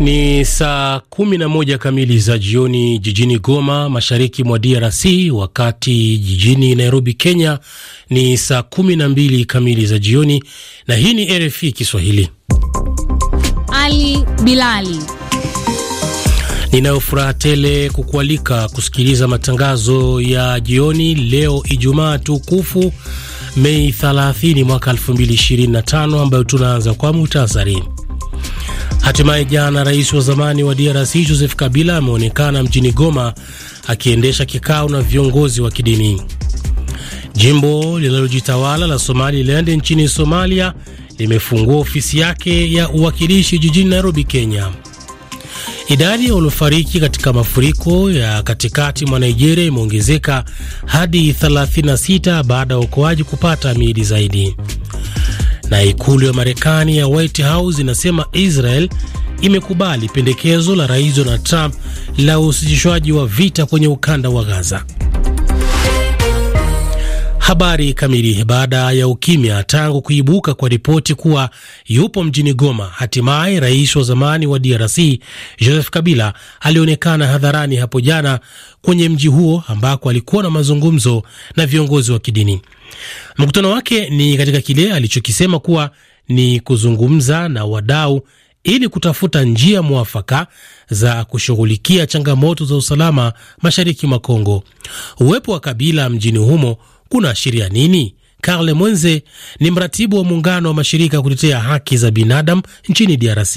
Ni saa 11 kamili za jioni jijini Goma, mashariki mwa DRC, wakati jijini Nairobi, Kenya ni saa mbili kamili za jioni. Na hii ni RFI Kiswahili. Ali Bilali ninayofuraha tele kukualika kusikiliza matangazo ya jioni leo Ijumaa tukufu Mei 30 mwaka 2025, ambayo tunaanza kwa muhtasari Hatimaye jana rais wa zamani wa DRC Joseph Kabila ameonekana mjini Goma akiendesha kikao na viongozi wa kidini. Jimbo linalojitawala la Somaliland nchini Somalia limefungua ofisi yake ya uwakilishi jijini Nairobi, Kenya. Idadi ya waliofariki katika mafuriko ya katikati mwa Nigeria imeongezeka hadi 36 baada ya uokoaji kupata miili zaidi na ikulu ya Marekani ya White House inasema Israel imekubali pendekezo la Rais Donald Trump la usitishwaji wa vita kwenye ukanda wa Gaza. Habari kamili. Baada ya ukimya tangu kuibuka kwa ripoti kuwa yupo mjini Goma, hatimaye rais wa zamani wa DRC Joseph Kabila alionekana hadharani hapo jana kwenye mji huo ambako alikuwa na mazungumzo na viongozi wa kidini. Mkutano wake ni katika kile alichokisema kuwa ni kuzungumza na wadau ili kutafuta njia mwafaka za kushughulikia changamoto za usalama mashariki mwa Kongo. Uwepo wa Kabila mjini humo kunaashiria nini? Karle Mwenze ni mratibu wa muungano wa mashirika ya kutetea haki za binadamu nchini DRC.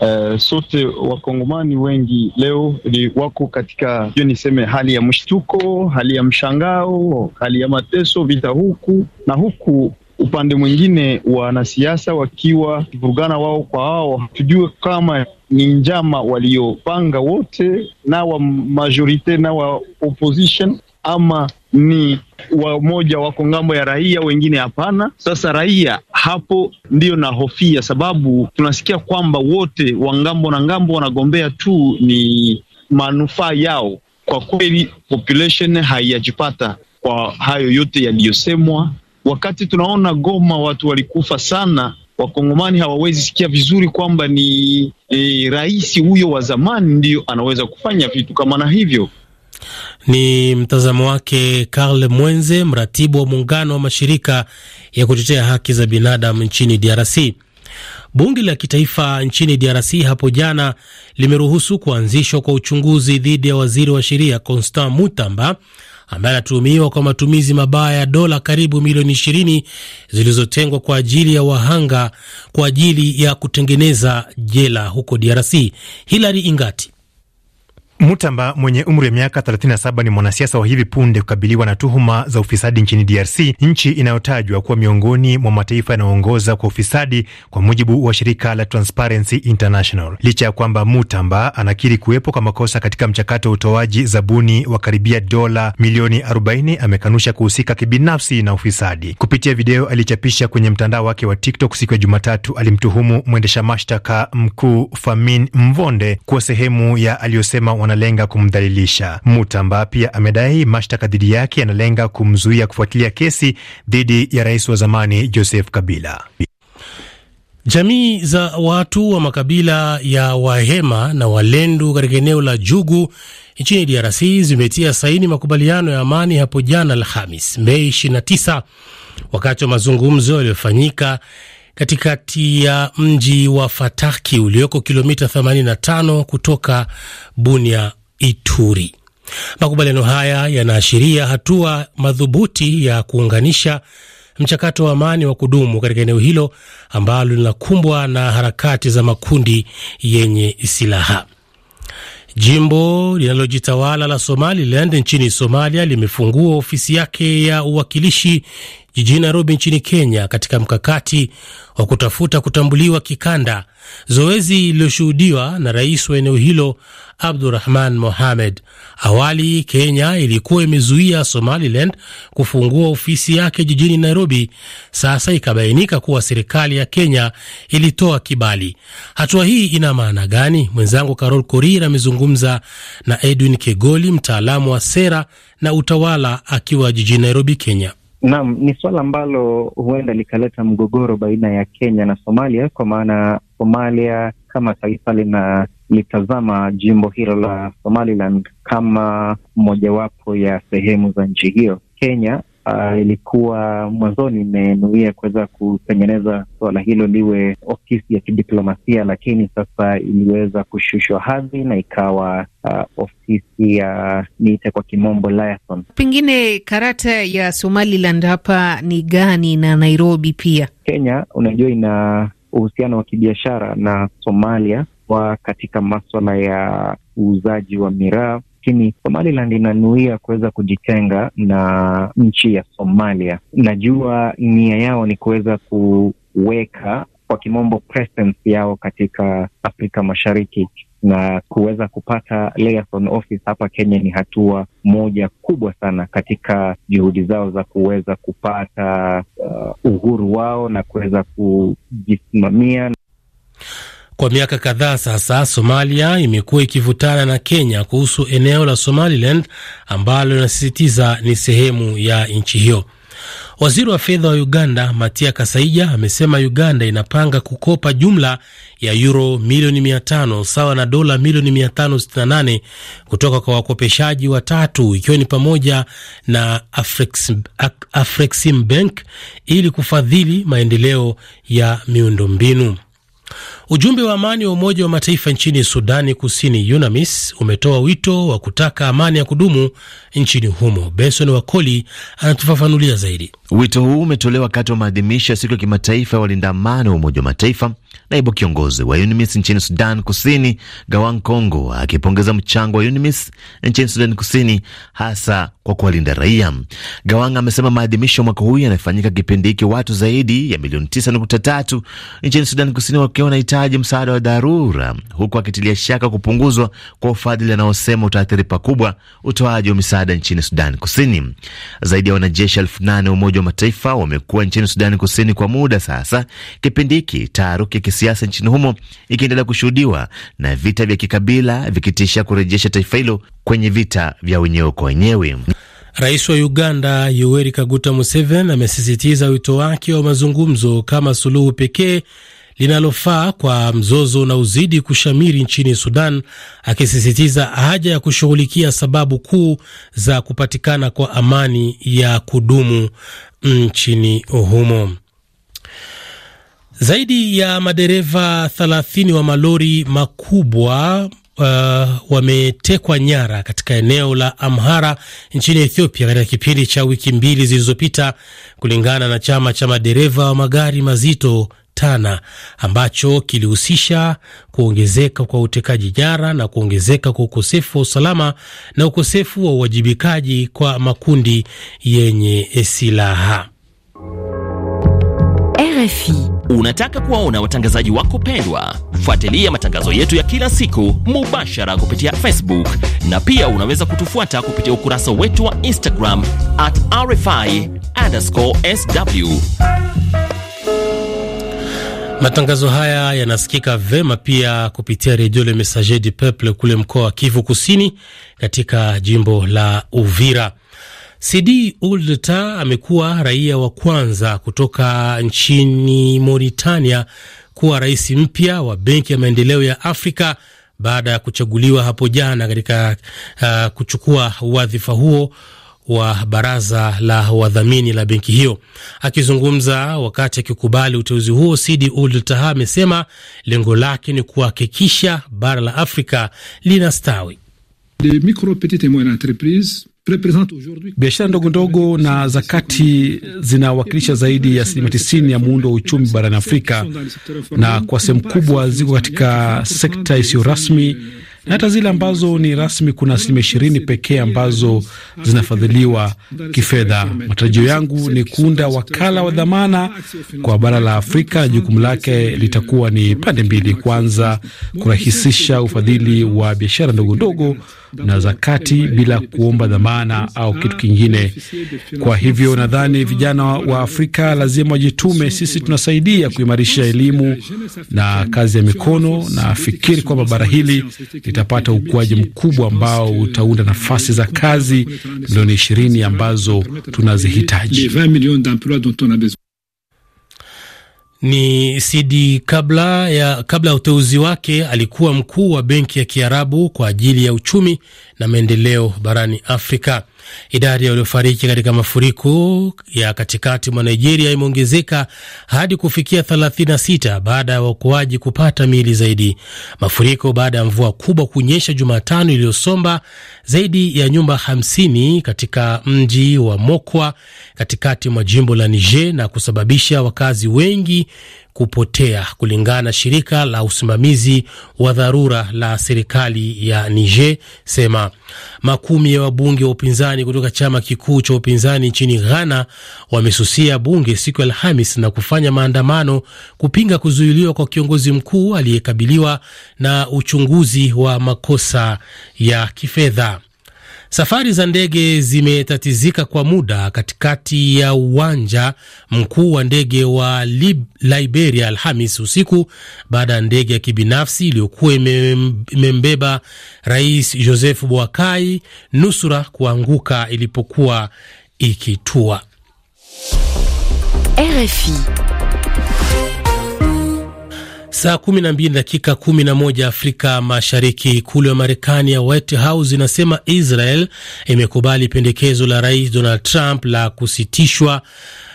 Uh, eh, sote wakongomani wengi leo ni wako katika hiyo, niseme hali ya mshtuko, hali ya mshangao, hali ya mateso, vita huku na huku upande mwingine wanasiasa wakiwa vurugana wao kwa wao, hatujue kama ni njama waliopanga wote na wa majorite na wa opposition ama ni wamoja wako ngambo ya raia, wengine hapana. Sasa raia hapo ndiyo na hofia, sababu tunasikia kwamba wote wa ngambo na ngambo wanagombea tu ni manufaa yao. Kwa kweli population haiyajipata kwa hayo yote yaliyosemwa. Wakati tunaona Goma watu walikufa sana, wakongomani hawawezi sikia vizuri kwamba ni e, rais huyo wa zamani ndio anaweza kufanya vitu kama na hivyo. Ni mtazamo wake Karl Mwenze, mratibu wa muungano wa mashirika ya kutetea haki za binadamu nchini DRC. Bunge la kitaifa nchini DRC hapo jana limeruhusu kuanzishwa kwa uchunguzi dhidi ya waziri wa sheria Constant Mutamba ambaye anatuhumiwa kwa matumizi mabaya ya dola karibu milioni 20 zilizotengwa kwa ajili ya wahanga kwa ajili ya kutengeneza jela huko DRC. Hilary Ingati Mutamba mwenye umri wa miaka 37 ni mwanasiasa wa hivi punde kukabiliwa na tuhuma za ufisadi nchini DRC, nchi inayotajwa kuwa miongoni mwa mataifa yanayoongoza kwa ufisadi kwa mujibu wa shirika la Transparency International. Licha ya kwamba Mutamba anakiri kuwepo kwa makosa katika mchakato wa utoaji zabuni wa karibia dola milioni 40, amekanusha kuhusika kibinafsi na ufisadi. Kupitia video alichapisha kwenye mtandao wake wa TikTok siku ya Jumatatu, alimtuhumu mwendesha mashtaka mkuu Famin Mvonde kuwa sehemu ya aliyosema wanalenga kumdhalilisha. Mutamba pia amedai mashtaka dhidi yake yanalenga kumzuia kufuatilia kesi dhidi ya rais wa zamani Joseph Kabila. Jamii za watu wa makabila ya Wahema na Walendu katika eneo la Jugu nchini DRC zimetia saini makubaliano ya amani hapo jana Alhamis, Mei 29 wakati wa mazungumzo yaliyofanyika katikati ya mji wa Fataki ulioko kilomita 85 kutoka Bunia, Ituri. Makubaliano haya yanaashiria hatua madhubuti ya kuunganisha mchakato wa amani wa kudumu katika eneo hilo ambalo linakumbwa na harakati za makundi yenye silaha. Jimbo linalojitawala la Somaliland nchini Somalia limefungua ofisi yake ya uwakilishi jijini Nairobi nchini Kenya katika mkakati wa kutafuta kutambuliwa kikanda, zoezi lililoshuhudiwa na rais wa eneo hilo Abdurahman Mohamed. Awali Kenya ilikuwa imezuia Somaliland kufungua ofisi yake jijini Nairobi. Sasa ikabainika kuwa serikali ya Kenya ilitoa kibali. Hatua hii ina maana gani? Mwenzangu Carol Korir amezungumza na Edwin Kegoli, mtaalamu wa sera na utawala, akiwa jijini Nairobi, Kenya. Naam, ni suala ambalo huenda likaleta mgogoro baina ya Kenya na Somalia, kwa maana Somalia kama taifa linalitazama litazama jimbo hilo la Somaliland kama mojawapo ya sehemu za nchi hiyo. Kenya Uh, ilikuwa mwanzoni imenuia kuweza kutengeneza suala hilo liwe ofisi ya kidiplomasia, lakini sasa iliweza kushushwa hadhi na ikawa uh, ofisi ya niite kwa kimombo liaison. Pengine karata ya Somaliland hapa ni gani na Nairobi pia? Kenya unajua ina uhusiano wa kibiashara na Somalia wa katika maswala ya uuzaji wa miraa lakini Somaliland inanuia kuweza kujitenga na nchi ya Somalia. Najua nia yao ni kuweza kuweka kwa kimombo presence yao katika Afrika Mashariki na kuweza kupata liaison office hapa Kenya ni hatua moja kubwa sana katika juhudi zao za kuweza kupata uh, uhuru wao na kuweza kujisimamia. Kwa miaka kadhaa sasa, Somalia imekuwa ikivutana na Kenya kuhusu eneo la Somaliland ambalo linasisitiza ni sehemu ya nchi hiyo. Waziri wa fedha wa Uganda Matia Kasaija amesema Uganda inapanga kukopa jumla ya euro milioni 500 sawa na dola milioni 568 kutoka kwa wakopeshaji watatu ikiwa ni pamoja na Afreximbank Afrexim ili kufadhili maendeleo ya miundombinu. Ujumbe wa amani wa Umoja wa Mataifa nchini Sudani Kusini, UNAMIS, umetoa wito wa kutaka amani ya kudumu nchini humo. Benson Wakoli anatufafanulia zaidi. Wito huu umetolewa wakati wa maadhimisho ya siku ya kimataifa ya walinda amani wa Umoja wa Mataifa. Naibu kiongozi wa unamis nchini Sudan Kusini, Gawan Kongo, akipongeza mchango wa unamis nchini Sudan Kusini, hasa kwa kuwalinda raia. Gawanga amesema maadhimisho mwaka huu yanafanyika kipindi hiki watu zaidi ya milioni 9.3 nchini sudan Kusini wakiwa wanahitaji msaada wa dharura, huku akitilia shaka kupunguzwa kwa ufadhili anaosema utaathiri pakubwa utoaji wa misaada nchini Sudani Kusini. Zaidi ya wanajeshi elfu nane wa Umoja wa Mataifa wamekuwa nchini Sudani Kusini kwa muda sasa, kipindi hiki taharuki ya kisiasa nchini humo ikiendelea kushuhudiwa na vita vya kikabila vikitisha kurejesha taifa hilo kwenye vita vya wenyewe kwa wenyewe. Rais wa Uganda Yoweri Kaguta Museveni amesisitiza wito wake wa mazungumzo kama suluhu pekee linalofaa kwa mzozo na uzidi kushamiri nchini Sudan, akisisitiza haja ya kushughulikia sababu kuu za kupatikana kwa amani ya kudumu nchini humo. Zaidi ya madereva 30 wa malori makubwa uh, wametekwa nyara katika eneo la Amhara nchini Ethiopia katika kipindi cha wiki mbili zilizopita, kulingana na chama cha madereva wa magari mazito TANA ambacho kilihusisha kuongezeka kwa utekaji nyara na kuongezeka kwa ukosefu wa usalama na ukosefu wa uwajibikaji kwa makundi yenye silaha. RFI Unataka kuwaona watangazaji wako pendwa? Fuatilia matangazo yetu ya kila siku mubashara kupitia Facebook na pia unaweza kutufuata kupitia ukurasa wetu wa Instagram at RFI underscore sw. Matangazo haya yanasikika vema pia kupitia redio Le Messager du Peuple kule mkoa wa Kivu Kusini katika jimbo la Uvira. Sidi Ould amekuwa raia wa kwanza kutoka nchini Mauritania kuwa rais mpya wa Benki ya Maendeleo ya Afrika baada ya kuchaguliwa hapo jana katika uh, kuchukua wadhifa huo wa baraza la wadhamini la benki hiyo. Akizungumza wakati akikubali uteuzi huo, Sidi Ould amesema lengo lake ni kuhakikisha bara la Afrika linastawi. Biashara ndogo ndogo na za kati zinawakilisha zaidi ya asilimia tisini ya muundo wa uchumi barani Afrika, na kwa sehemu kubwa ziko katika sekta isiyo rasmi na hata zile ambazo ni rasmi kuna asilimia ishirini pekee ambazo zinafadhiliwa kifedha. Matarajio yangu ni kuunda wakala wa dhamana kwa bara la Afrika. na Jukumu lake litakuwa ni pande mbili: kwanza, kurahisisha ufadhili wa biashara ndogo ndogo na zakati bila kuomba dhamana au kitu kingine. Kwa hivyo nadhani vijana wa Afrika lazima wajitume. Sisi tunasaidia kuimarisha elimu na kazi ya mikono, na fikiri kwamba bara hili litapata ukuaji mkubwa ambao utaunda nafasi za kazi milioni ishirini ambazo tunazihitaji ni Sidi kabla ya kabla ya uteuzi wake alikuwa mkuu wa benki ya Kiarabu kwa ajili ya uchumi na maendeleo barani Afrika. Idadi ya waliofariki katika mafuriko ya katikati mwa Nigeria imeongezeka hadi kufikia 36 baada ya waokoaji kupata miili zaidi. Mafuriko baada ya mvua kubwa kunyesha Jumatano iliyosomba zaidi ya nyumba 50 katika mji wa Mokwa katikati mwa jimbo la Niger na kusababisha wakazi wengi kupotea, kulingana na shirika la usimamizi wa dharura la serikali ya Niger sema. Makumi ya wabunge wa upinzani kutoka chama kikuu cha upinzani nchini Ghana wamesusia bunge siku ya Alhamis na kufanya maandamano kupinga kuzuiliwa kwa kiongozi mkuu aliyekabiliwa na uchunguzi wa makosa ya kifedha. Safari za ndege zimetatizika kwa muda katikati ya uwanja mkuu wa ndege wa Lib Liberia Alhamis usiku baada ya ndege ya kibinafsi iliyokuwa imembeba Rais Joseph Boakai nusura kuanguka ilipokuwa ikitua. RFI. Saa 12 dakika 11 Afrika Mashariki. Ikulu ya Marekani ya White House inasema Israel imekubali pendekezo la Rais Donald Trump la kusitishwa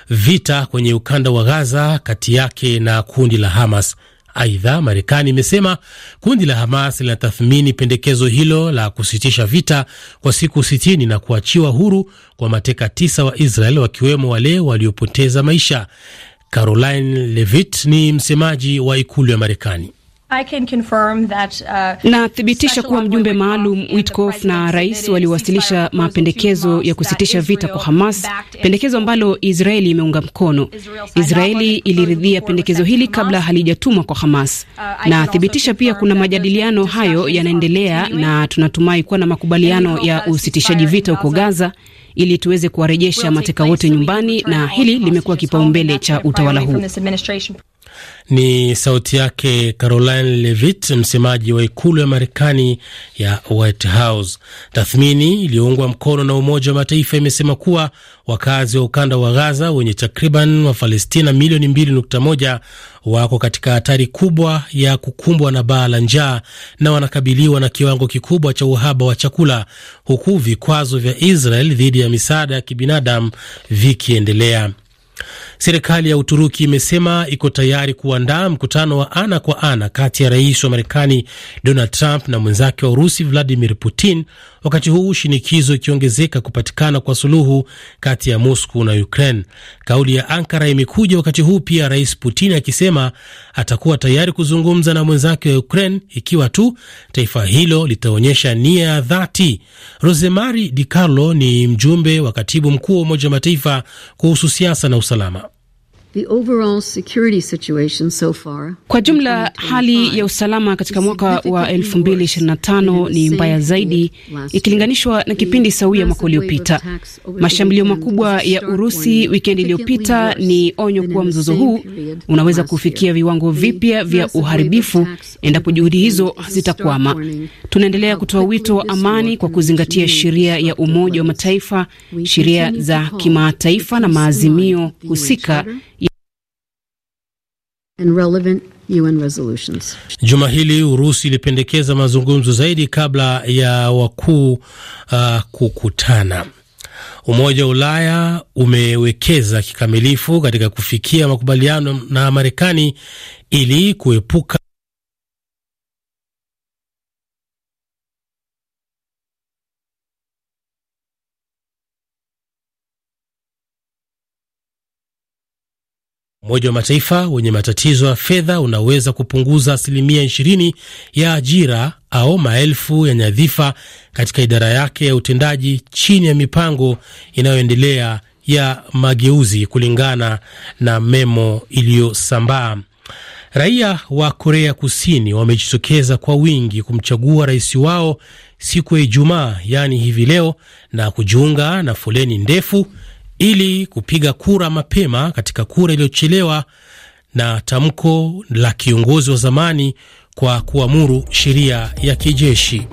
vita kwenye ukanda wa Gaza kati yake na kundi la Hamas. Aidha, Marekani imesema kundi la Hamas linatathmini pendekezo hilo la kusitisha vita kwa siku sitini na kuachiwa huru kwa mateka tisa wa Israel wakiwemo wale waliopoteza maisha. Caroline Levitt ni msemaji wa ikulu ya Marekani. Uh, Nathibitisha kuwa mjumbe maalum witkof na rais waliwasilisha mapendekezo ya kusitisha vita kwa Hamas, pendekezo ambalo Israeli imeunga mkono. Israeli iliridhia pendekezo hili kabla halijatumwa kwa Hamas. Uh, Nathibitisha pia kuna majadiliano hayo yanaendelea, na tunatumai kuwa na makubaliano ya usitishaji vita huko Gaza ili tuweze kuwarejesha mateka wote nyumbani, na hili limekuwa kipaumbele cha utawala huu. Ni sauti yake Caroline Levitt, msemaji wa ikulu ya Marekani ya White House. Tathmini iliyoungwa mkono na Umoja wa Mataifa imesema kuwa wakazi wa ukanda wa Gaza wenye takriban Wafalestina milioni 2.1 wako katika hatari kubwa ya kukumbwa na baa la njaa na wanakabiliwa na kiwango kikubwa cha uhaba wa chakula, huku vikwazo vya Israel dhidi ya misaada ya kibinadamu vikiendelea. Serikali ya Uturuki imesema iko tayari kuandaa mkutano wa ana kwa ana kati ya rais wa Marekani Donald Trump na mwenzake wa Urusi Vladimir Putin, wakati huu shinikizo ikiongezeka kupatikana kwa suluhu kati ya Moscow na Ukraine. Kauli ya Ankara imekuja wakati huu pia rais Putin akisema atakuwa tayari kuzungumza na mwenzake wa Ukraine ikiwa tu taifa hilo litaonyesha nia ya dhati. Rosemary Di Carlo ni mjumbe wa katibu mkuu wa Umoja wa Mataifa kuhusu siasa na usalama. Kwa jumla hali ya usalama katika mwaka wa 2025 ni mbaya zaidi ikilinganishwa na kipindi sawia mwaka uliopita. Mashambulio makubwa ya Urusi wikendi iliyopita ni onyo kuwa mzozo huu unaweza kufikia viwango vipya vya uharibifu endapo juhudi hizo zitakwama. Tunaendelea kutoa wito wa amani kwa kuzingatia sheria ya Umoja wa Mataifa, sheria za kimataifa na maazimio husika and relevant UN resolutions. Juma hili Urusi ilipendekeza mazungumzo zaidi kabla ya wakuu uh, kukutana. Umoja wa Ulaya umewekeza kikamilifu katika kufikia makubaliano na Marekani ili kuepuka Umoja wa Mataifa wenye matatizo ya fedha unaweza kupunguza asilimia 20 ya ajira au maelfu ya nyadhifa katika idara yake ya utendaji chini ya mipango inayoendelea ya mageuzi, kulingana na memo iliyosambaa. Raia wa Korea Kusini wamejitokeza kwa wingi kumchagua rais wao siku ya Ijumaa, yaani hivi leo, na kujiunga na foleni ndefu ili kupiga kura mapema katika kura iliyochelewa na tamko la kiongozi wa zamani kwa kuamuru sheria ya kijeshi.